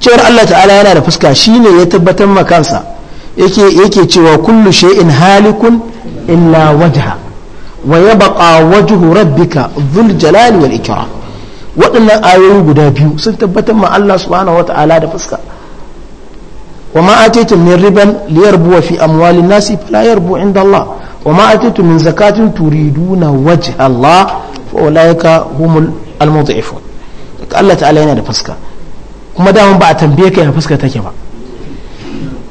cewar Allah ta'ala yana da fuska shine ya tabbatar ma kansa yake yake cewa kullu shay'in halikun illa wajha wa yabqa wajhu rabbika dhul jalali wal ikram waɗannan ayoyi guda biyu sun tabbatar ma Allah subhanahu wata'ala da fuska wa ma ataytum min riban liyarbu fi amwalin nasi fala yarbu inda Allah wa ma ataytum min zakatin turiduna wajha Allah fa ulaika humul almudhifun Allah ta'ala yana da fuska kuma daman ba a tambaye ka ya fuska take ba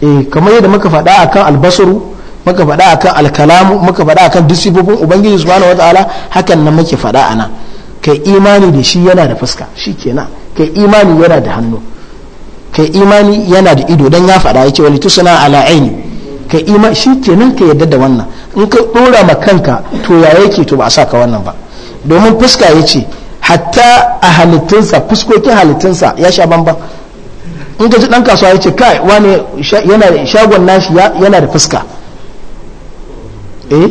eh kamar yadda muka faɗa akan albasaru muka faɗa akan alkalamu muka faɗa akan duk sifofin ubangiji subhanahu wataala hakan nan muke faɗa ana kai imani da shi yana da fuska shikenan kai imani yana da hannu kai imani yana da ido don ya faɗa yake wani tusana ala aini kai imani shikenan ka yadda da wannan in ka dora ma kanka to ya yake to ba a saka wannan ba domin fuska ya ce hatta a halittunsa fuskokin halittunsa ya sha bambam in ka ji dan kasuwa ya ce kai wani yana shagon nashi yana da fuska eh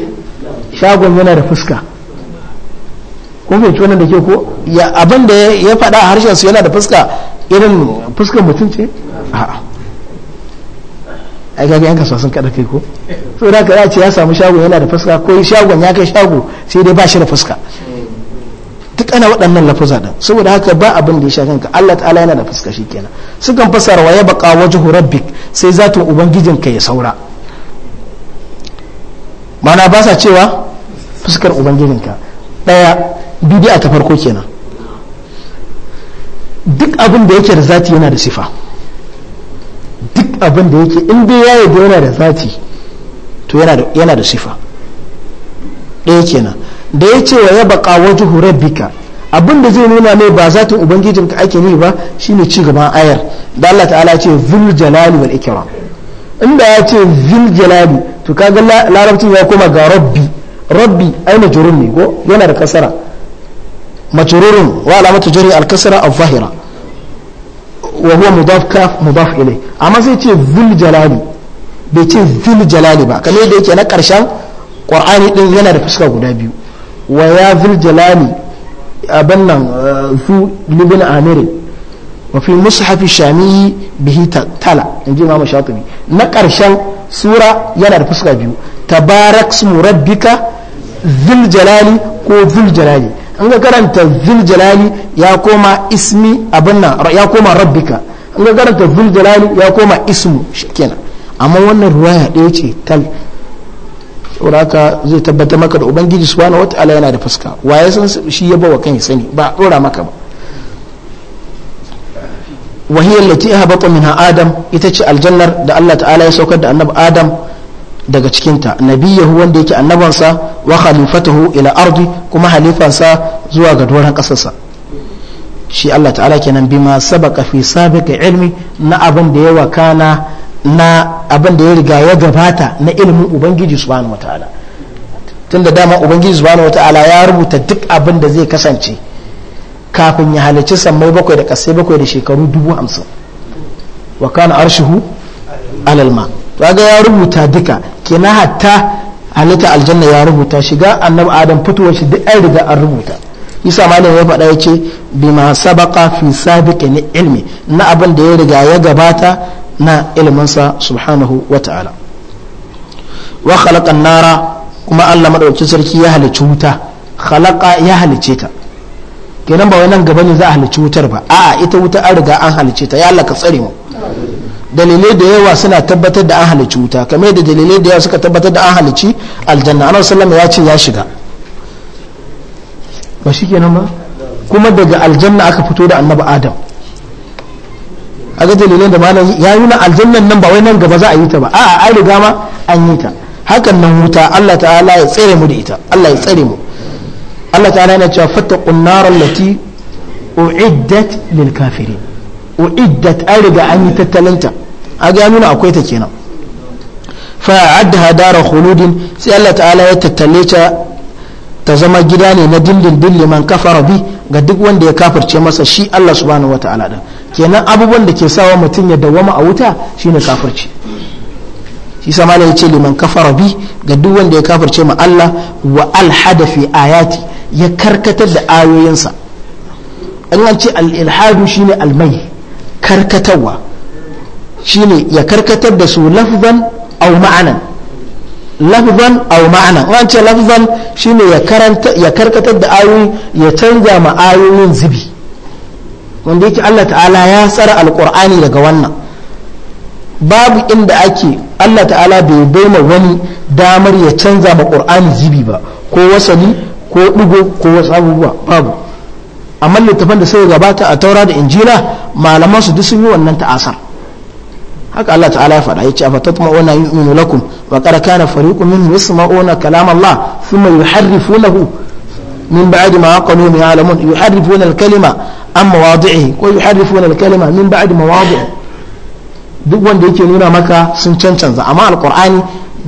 shagon yana da fuska kun fahimci wannan da ke ko ya abin da ya faɗa harshen su yana da fuska irin fuskar mutum ce a'a ai kaga yan kasuwa sun kada kai ko da ka ce ya samu shagon yana da fuska ko shagon ya kai shago sai dai ba shi da fuska kana waɗannan lafuza din saboda haka ba abin da ya sha kanka Allah ta'ala yana da fuska shi kenan sukan fasara wa ya baqa wajhu rabbik sai zatin ka ya saura mana ba sa cewa fuskar ubangijin ɗaya daya bidi'a ta farko kenan duk abin da yake da zati yana da sifa duk abin da yake in dai yayi da yana da zati to yana da sifa ɗaya kenan da ya ce wa ya baka wajhu rabbika abin da zai nuna mai ba zatin ubangijin ka ake ne ba shine ci gaban ayar da Allah ta'ala ce zul jalali wal ikram inda ya ce zul jalali to kaga larabci ya koma ga rabbi rabbi ai majrurun ne ko yana da kasara majrurun wa alamatu jari al kasra al zahira wa huwa mudaf ka mudaf ilay amma sai ce zul jalali bai ce zul jalali ba kamar yadda yake na karshen qur'ani din yana da fuska guda biyu wa ya zil jalali abin nan zu eh, libin amiri wa mushafi shami bihi tala in ji imamu shatibi na ƙarshen sura yana da fuska biyu tabarak smu rabbika zil jalali ko zil jalali in ga karanta zil jalali ya koma ismi abin nan ya koma rabbika in ga karanta zil jalali ya koma ismu kenan amma wannan ruwaya ɗaya ce tal uraka zai tabbatar maka da ubangiji subhanahu wataala yana da fuska waye san shi ya bawa kan sani ba dora maka ba وهي التي adam ita ce aljannar da allah ta'ala ya يسوك da النبي adam daga cikinta nabiya wanda yake annabansa wa khalifatahu ila ardi kuma halifansa zuwa ga doron kasarsa shi Allah ta'ala kenan bima sabaka fi ga ilmi na abin da yawa kana na abin da ya riga ya gabata na ilimin ubangiji subhanahu wataala tun da dama ubangiji subhanahu wataala ya rubuta duk abin da zai kasance kafin ya halarci sammai bakwai da kasai bakwai da shekaru dubu hamsin wa kana arshihu alalma ga ya rubuta duka kenan hatta halitta aljanna ya rubuta shiga annabi adam fitowar shi duk an riga an rubuta isa malam ya faɗa ya ce bima sabaka fi sabiqin ilmi na abin da ya riga ya gabata na ilminsa subhanahu wa ta'ala wa khalaqan nara kuma Allah madaukakin sarki ya halicci wuta khalaqa ya halicce ta kenan ba wai nan gaba ne za a halicci wutar ba a'a ita wuta an riga an halicce ta ya Allah ka tsare mu dalilai da yawa suna tabbatar da an halicci wuta kamar da dalilai da yawa suka tabbatar da an halicci aljanna annabi sallallahu ya ce ya shiga ba shikenan ba kuma daga aljanna aka fito da annabi adam a ga dalilan da malam ya na aljannan nan ba wai nan gaba za a yi ta ba a'a an riga ma an yi ta hakan nan wuta Allah ta'ala ya tsare mu da ita Allah ya tsare mu Allah ta'ala yana cewa fattaqun naral lati uiddat lil kafirin uiddat an riga an yi tattalinta a ga nuna akwai ta kenan fa addaha dara khuludin sai Allah ta'ala ya tattale ta ta zama gida ne na dindindin liman kafara bi ga duk wanda ya kafirce masa shi Allah subhanahu wataala din kenan abubuwan da ke sawa mutum ya dawwama a wuta shine kafirci shi sama ya ce liman kafara bi ga duk wanda ya kafirce ma Allah wa alhada fi ayati ya karkatar da ayoyinsa in an ce al-ilhadu shine almai karkatarwa shine ya karkatar da su lafzan aw ma'anan lafzan aw ma'ana an ce lafzan shine ya karanta ya karkatar da ayoyi ya canza ma ayoyin zubi wanda yake Allah ta'ala ya tsara alqur'ani daga wannan babu inda ake Allah ta'ala bai baima wani damar ya canza ma qur'ani zubi ba ko wasali ko dugo ko wasu abubuwa babu amma littafan da sai gabata a taura da injila malaman su duk sun yi wannan ta'asar haka Allah ta'ala ya faɗa yace afatatma'una yu'minu lakum wa qad kana fariqun minhum kalam Allah thumma yuharrifunahu duk wanda yake nuna maka sun cancanza amma alkur'ani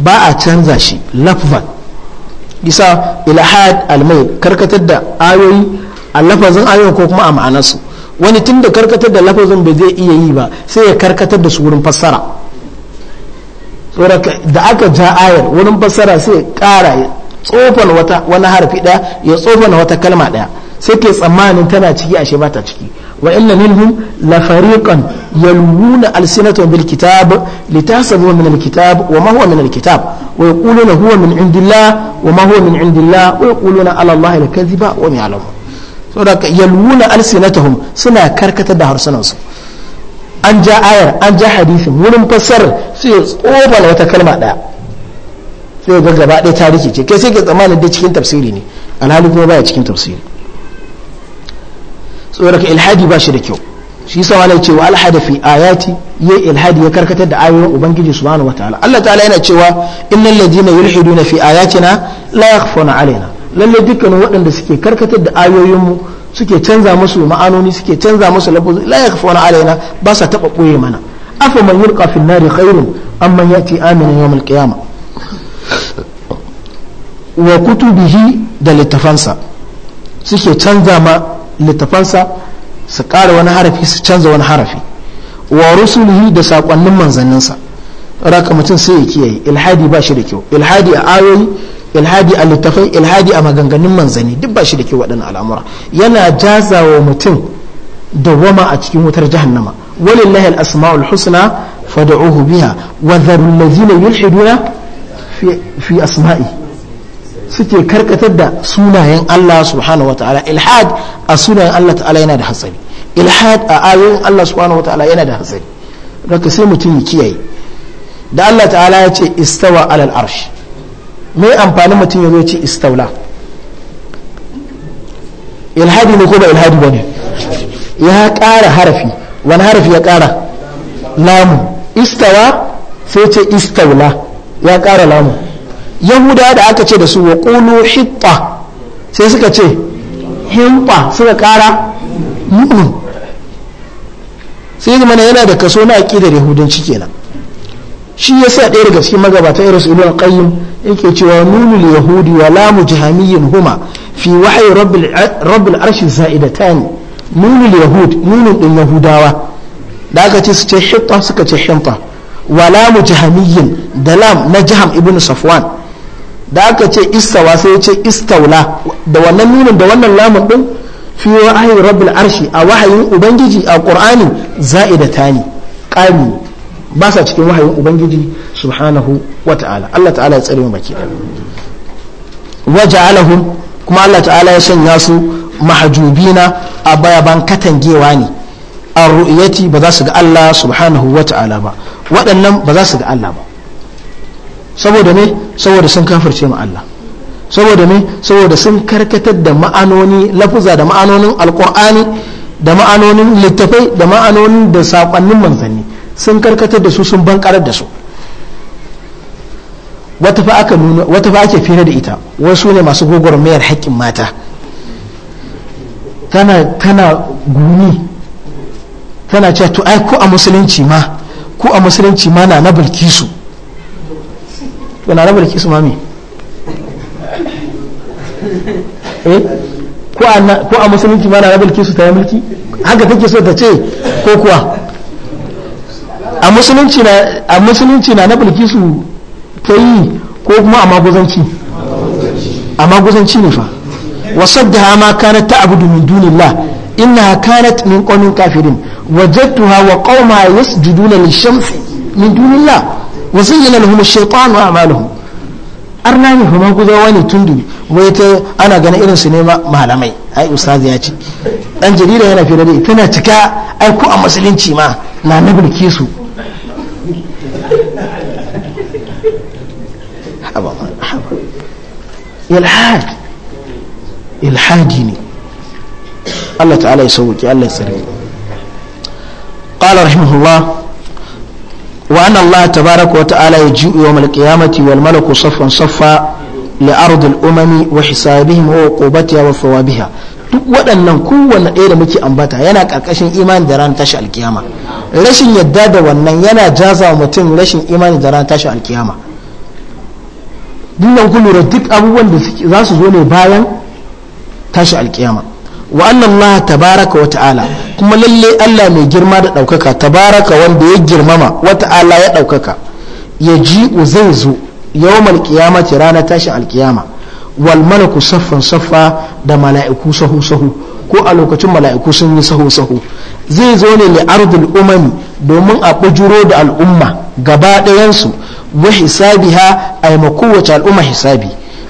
ba a canza shi lafzan isa ilahad almail karkatar da ayoyi a lafazin ayoyin ko kuma a ma'anarsu wani tun da karkatar da lafazin ba zai iya yi ba sai ya karkatar da su wurin fassara da aka ja ayar wurin fassara sai ya kara ya tsofan wata wani harfi ɗaya ya tsofan wata kalma ɗaya sai ke tsammanin tana ciki a ba ta ciki wa inna minhum la fariqan yalwuna alsinatahum bil kitab litasabu min al kitab wa ma huwa min al kitab wa yaquluna huwa min indillah wa ma huwa min indillah wa yaquluna ala allahi al kadhiba wa ma ya'lamun saboda yalwuna alsinatahum suna karkatar da harsunansu an ja ayar an ja hadisin wurin fassar sai tsobala wata kalma daya sai ga gaba ɗaya ta rikice kai sai ke tsammanin da cikin tafsiri ne alhali kuma baya cikin tafsiri saboda ka ilhadi ba shi da kyau shi sa wani cewa alhada fi ayati ya ilhadi ya karkatar da ayoyin ubangiji subhanahu wataala Allah ta'ala yana cewa innal ladina yulhiduna fi ayatina la yakhfuna alaina Lallai dukkanin waɗanda suke karkatar da ayoyinmu suke canza musu ma'anoni suke canza musu lafazi la yakhfuna alaina ba sa taba koye mana afa man yulqa fi nari khairun amman yati aminan yawm al-qiyama wa kutubihi da littafansa suke canza ma littafansa su ƙara wani harafi su canza wani harafi wa rusulihi da saƙonnin manzanninsa raka mutum sai ya kiyaye ilhadi ba shi da kyau ilhadi a ayoyi ilhadi a littafai ilhadi a maganganun manzanni duk ba shi da ke waɗannan al'amura yana jazawa mutum dawwama a cikin wutar jahannama walillahi al-asma'ul husna fad'uhu biha wa dharul yulhiduna fi asma'i suke karkatar da sunayen Allah subhanahu wa ta'ala ilhad a sunayen Allah ta'ala yana da hatsari ilhad a ayoyin Allah subhanahu wa ta'ala yana da hatsari raka sai mutum ya kiyaye da Allah ta'ala ya ce istawa alal arshi Mai amfani mutum ya zo ci istaula ilhadi ne ko ba ilhadi ba ne ya kara harafi wani harafi ya kara lamu istawa sai ce istaula ya ƙara lamu yahuda da aka ce da su wa ƙulu hitta sai suka ce himpa suka ƙara mu'min sai zama yana da kaso na aƙidar yahudanci kenan shi yasa ɗaya daga cikin magabata irin su ibn qayyim yake cewa nunul yahudi wa lamu jahamiyyin huma fi wahyi rabbil arshi za'idatan nunul yahud nunun din yahudawa da aka ce su ce hitta suka ce hinta wa lamu jahamiyyin da lam na jaham ibn safwan da aka ce istawa sai ce istaula da wannan nunin da wannan lamun din fi wahyi rabbil arshi a wahayin ubangiji a qur'ani za'idatani qami ba sa cikin wahayin ubangiji subhanahu wa ta'ala Allah ta'ala ya tsare mu baki da wa kuma Allah ta'ala ya sanya su mahjubina a bayaban katangewa ne a ru'yati ba za su ga Allah subhanahu wa ta'ala ba waɗannan ba za su ga Allah ba saboda me saboda sun kafirce mu Allah saboda me saboda sun karkatar da ma'anoni lafuza da ma'anonin alqur'ani da ma'anonin littafai da ma'anonin da saƙonnin manzanni sun karkatar da su sun karar da su wata fa ake fira da ita wasu ne masu gwagwarmayar haƙƙin mata tana tana gumi tana cewa to ai ko a musulunci ma ko a musulunci ma na na bilkisu to na na bilkisu ma mami eh? ko a musulunci ma na na bilkisu ta yi mulki haka take so ta ce ko kuwa a musulunci na a musulunci na bilkisu ta yi ko kuma a maguzanci a maguzanci ne fa hama ma kanat abudu min dunillah ina kanat min qawmin kafirin wajadtuha wa qauma yasjuduna lish-shamsi min dunillah wa zayyana lahum ash-shaytanu Ar arna ne kuma guza wani tundu wai ta ana ganin irin su ne malamai ai ustaz ya ci dan jarida yana fira da tana cika ai ko a musulunci ma na nabirke su abadan ilhad ne Allah ta'ala ya sauke Allah ya tsare qala rahimahullah wa anna Allah tabaaraka wa ta'ala yaji'u yawm al-qiyamati wal malaku saffan saffa li ardi al-umami wa hisabihim wa uqubatiha wa thawabiha duk waɗannan kowanne ɗaya da muke ambata yana ƙarƙashin imani da ran tashi alkiyama rashin yadda da wannan yana jaza mutum rashin imani da ran tashi alkiyama dinnan ku da duk abubuwan da za su zo ne bayan tashi alkiyama wa Allah tabaraka wa ta'ala kuma lalle Allah mai girma da ɗaukaka tabaraka wanda ya girmama wa ta'ala ya ɗaukaka ya ji zai zo yawmal qiyamati ranar tashi alkiyama wal malaku saffan saffa da mala'iku sahu sahu ko a lokacin mala'iku sun yi sahu sahu zai zo ne li ardul umami domin a bujuro da al'umma gaba ɗayansu wa hisabiha ay ma kowace al'umma hisabi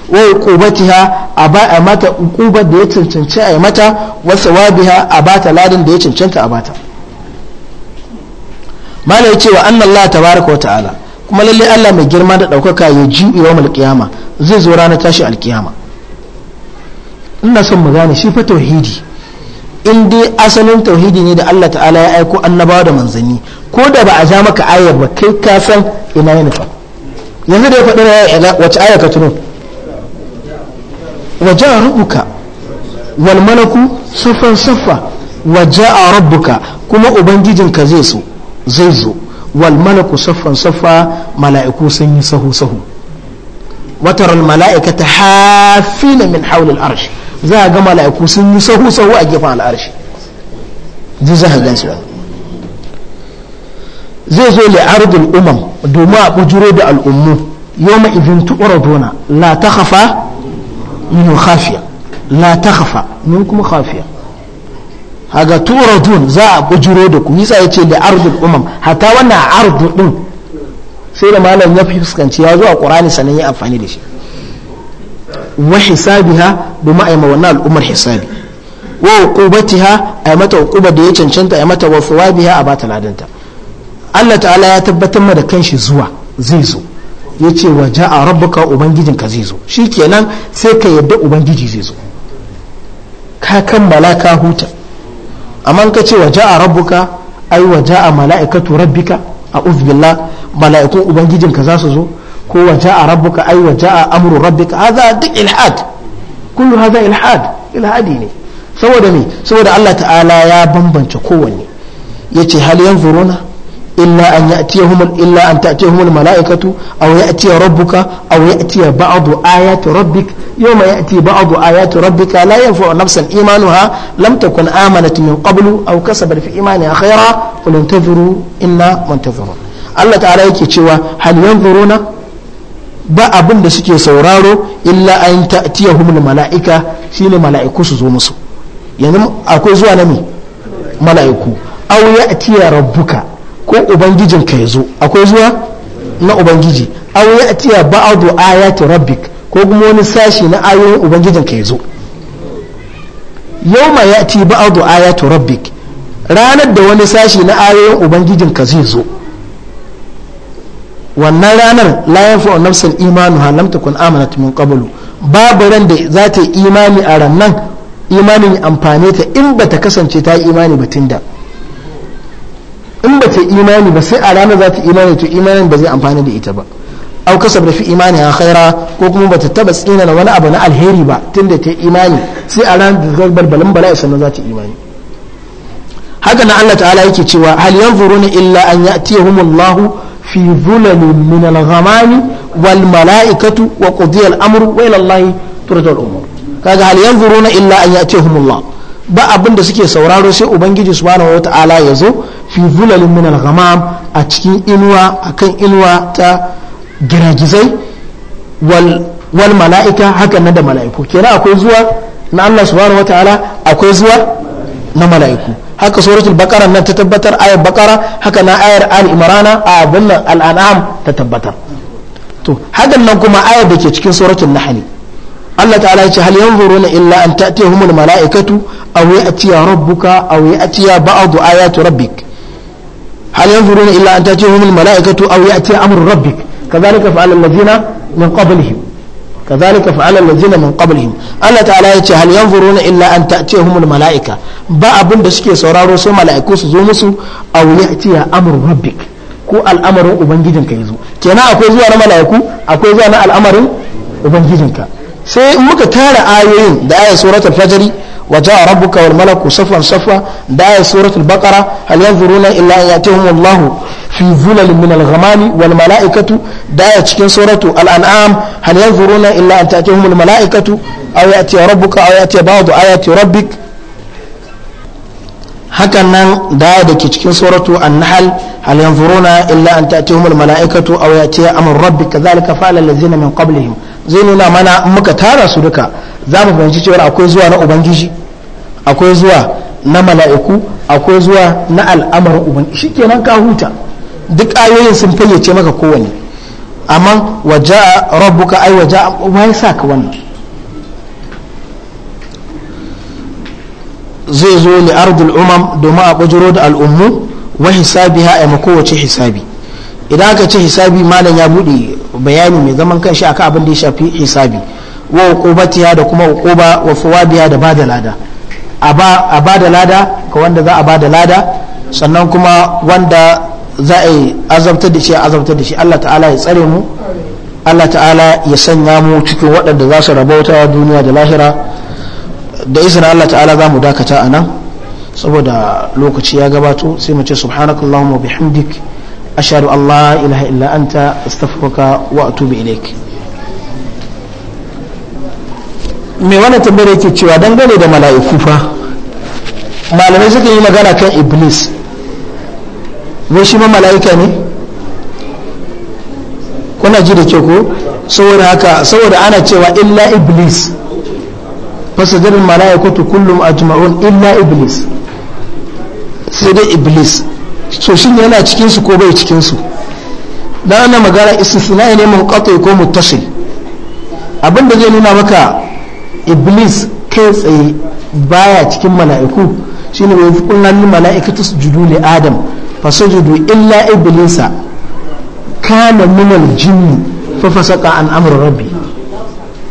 wa uqubatiha a ba a mata uqubar da ya cancanci ay mata wasu wabiha a ba ta ladan da ya cancanta a bata mala ce wa anna Allah tabaraka ko ta'ala kuma lalle Allah mai girma da ɗaukaka ya ji yawmul qiyama zai zo ranar tashi alƙiyama. ina son mu gane shi fa tauhidi in dai asalin tauhidi ne da Allah ta'ala ya aiko annabawa da manzanni ko da ba a ja maka ayar ba kai ka san ina uniform yanzu da ya faɗi na ya'ila wace aya ka tuno waje a rubuka wal malaku sufan suffa waje a rubuka kuma ubangijinka zai so zai zo wal malaku saffan saffa mala'iku sun yi sahu sahu watar mala'ika ta hafina min haulil arshi za a ga mala'iku sun yi sahu sahu a gefen al'arshi ji za a gan su zai zo le li'ardul umam domin a bujuro da al'ummu yau yawma idin tu'raduna la takhafa min khafiya la takhafa min kuma khafiya haga dun za a bujuro da ku yasa yace li'ardul umam hatta wannan ardu din sai da malam ya fuskanci ya zo a qur'ani sannan ya amfani da shi wa hisabiha domin a yi wannan al'ummar hisabi wa uqubatiha a yi mata uquba da ya cancanta a yi mata wa thawabiha a ta ladanta Allah ta'ala ya tabbatar ma kanshi zuwa zai zo ya ce wa ja'a rabbuka ka zai zo shi kenan sai ka yadda ubangiji zai zo ka kammala ka huta amma ka ce wa ja'a rabbuka ai wa ja'a mala'ikatu rabbika a billah mala'ikun ubangijin ka za su zo ko wa ja'a rabbuka ai wa ja'a amru rabbika hadha duk ilhad kullu hadha ilhad ilhadi ne saboda me saboda Allah ta'ala ya bambance kowanne yace hal yanzuruna إلا أن يأتيهم إلا أن تأتيهم الملائكة أو يأتي ربك أو يأتي بعض آيات ربك يوم يأتي بعض آيات ربك لا ينفع نفسا إيمانها لم تكن آمنت من قبل أو كسبت في إيمانها خيرا قل انتظروا إنا منتظرون الله تعالى yake cewa hal yanzuruna ba abin da suke sauraro illa an ta'tiyahum malaika shine malaiku su zo musu yanzu akwai zuwa na me malaiku aw ya'tiya rabbuka ko ubangijinka ya zo akwai zuwa na ubangiji aw ya'tiya ba'du ayati rabbik ko kuma wani sashi na ayoyin ubangijinka ya zo ya ya'ti ba'du ayati rabbik ranar da wani sashi na ayoyin ubangijinka zai zo wannan ranar la yanfa'u nafsan imanuha lam takun amanat min qablu babu ran da za ta yi imani a rannan imanin amfane ta in bata kasance ta yi imani ba tunda da in ba ta imani ba sai a ranar za ta imani to imanin ba zai amfani da ita ba au da fi imani a khaira ko kuma ba ta taba tsina na wani abu na alheri ba tunda ta imani sai a ranar da zarbar balin bala'i sannan za ta imani haka na Allah ta'ala yake cewa hal yanzuruna illa an ya'tiyahumullahu fi dhulalin min al-ghamami wal mala'ikatu wa qudiya al-amru wa ila Allah turja'ul umur kaga hal yanzuruna illa an ya'tiyahumullah ba abin da suke sauraro sai ubangiji subhanahu wata'ala ya zo fi zulalin min ghamam a cikin inuwa akan inuwa ta giragizai wal wal mala'ika hakan nan da mala'iku kenan akwai zuwa na Allah subhanahu wataala akwai zuwa na mala'iku haka suratul baqara nan ta tabbatar ayar baqara haka na ayar al imrana a abin al-an'am ta tabbatar to hakan nan kuma ayar da ke cikin suratul nahl Allah ta'ala ya ce hal yanzuruna illa an ta'tiyahumul mala'ikatu aw ya'tiya rabbuka aw ya'tiya ba'd ayati rabbika hal yanzuruna illa an tatihum al mala'ikatu aw ya'ti amru rabbik kadhalika fa'ala alladhina min qablihim kadhalika fa'ala alladhina min qablihim Allah ta'ala ya ce hal yanzuruna illa an ta'tihum al mala'ika ba abin da suke sauraro sai mala'iku su zo musu aw ya'ti amru rabbik ko al'amarin ubangijinka yazo kenan akwai zuwa na mala'iku akwai zuwa na al'amarin ubangijinka sai muka tara ayoyin da ayat suratul fajari. وجاء ربك والملك صفا صفا دعاء سورة البقرة هل ينظرون إلا أن يأتيهم الله في ظلل من الغمام والملائكة دعاء تشكين سورة الأنعام هل ينظرون إلا أن تأتيهم الملائكة أو يأتي ربك أو يأتي بعض آيات ربك هكذا دعاء تشكين سورة النحل هل ينظرون إلا أن تأتيهم الملائكة أو يأتي أمر ربك كذلك فعل الذين من قبلهم زيننا منا مكتارا سودك za mu fahimci cewa akwai zuwa na ubangiji akwai zuwa na mala'iku akwai zuwa na al'amarin uban shikenan ka huta duk ayoyin sun fayyace maka kowane amma waje a rabuka ai waje a wai sa ka wannan zai zo li ardul umam domin a bujiro da al'ummu wa hisabi hisabiha ai kowace hisabi idan aka ce hisabi malam ya bude bayani mai zaman kan shi akan abin da ya shafi hisabi wa da kuma uquba wa fawabiha da bada lada a ba da lada ko wanda za a ba da lada sannan kuma wanda za a yi azabtar da shi azabtar da shi Allah ta'ala ya tsare mu Allah ta'ala ya sanya mu cikin waɗanda za su rabauta duniya da lahira da izinin Allah ta'ala za mu dakata a nan saboda lokaci ya gabato sai mu ce subhanakallahumma bihamdik ashhadu an la ilaha illa anta astaghfiruka wa atubu ilaik mai wani tambayar yake cewa dangane da mala'iku fa malamai suka yi magana kan iblis wai shi ma mala'ika ne kuna ji da kyau ko saboda haka saboda ana cewa illa iblis mala'iku ta kullum ajma'un illa iblis sai dai iblis so shi yana cikin su ko bai cikin su dan ana magana istisna ne mun qati ko Abin abinda zai nuna maka iblis kai tsaye baya cikin mala'iku ne wa fi kullan mala'iku ta sujudu li adam sujudu illa iblisa kana min al jinni fa fasaqa an amri rabbi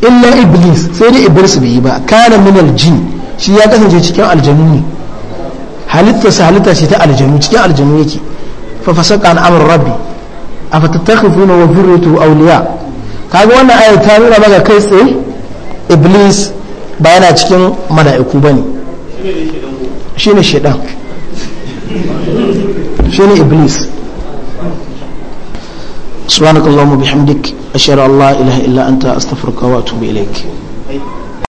illa iblis sai dai iblis bai yi ba kana min al jin shi ya kasance cikin aljanu ne halitta sa halitta ce ta aljanu cikin aljanu yake fa fasaqa an amri rabbi tattakhifuna wa dhurriyatu awliya kaga wannan ayat ta nuna maka kai tsaye iblis ba yana cikin mala'iku ba ne shi ne shaidan shi ne iblis subhanakallahumma bihamdik ashhadu an la ilaha illa anta astaghfiruka wa atubu ilaik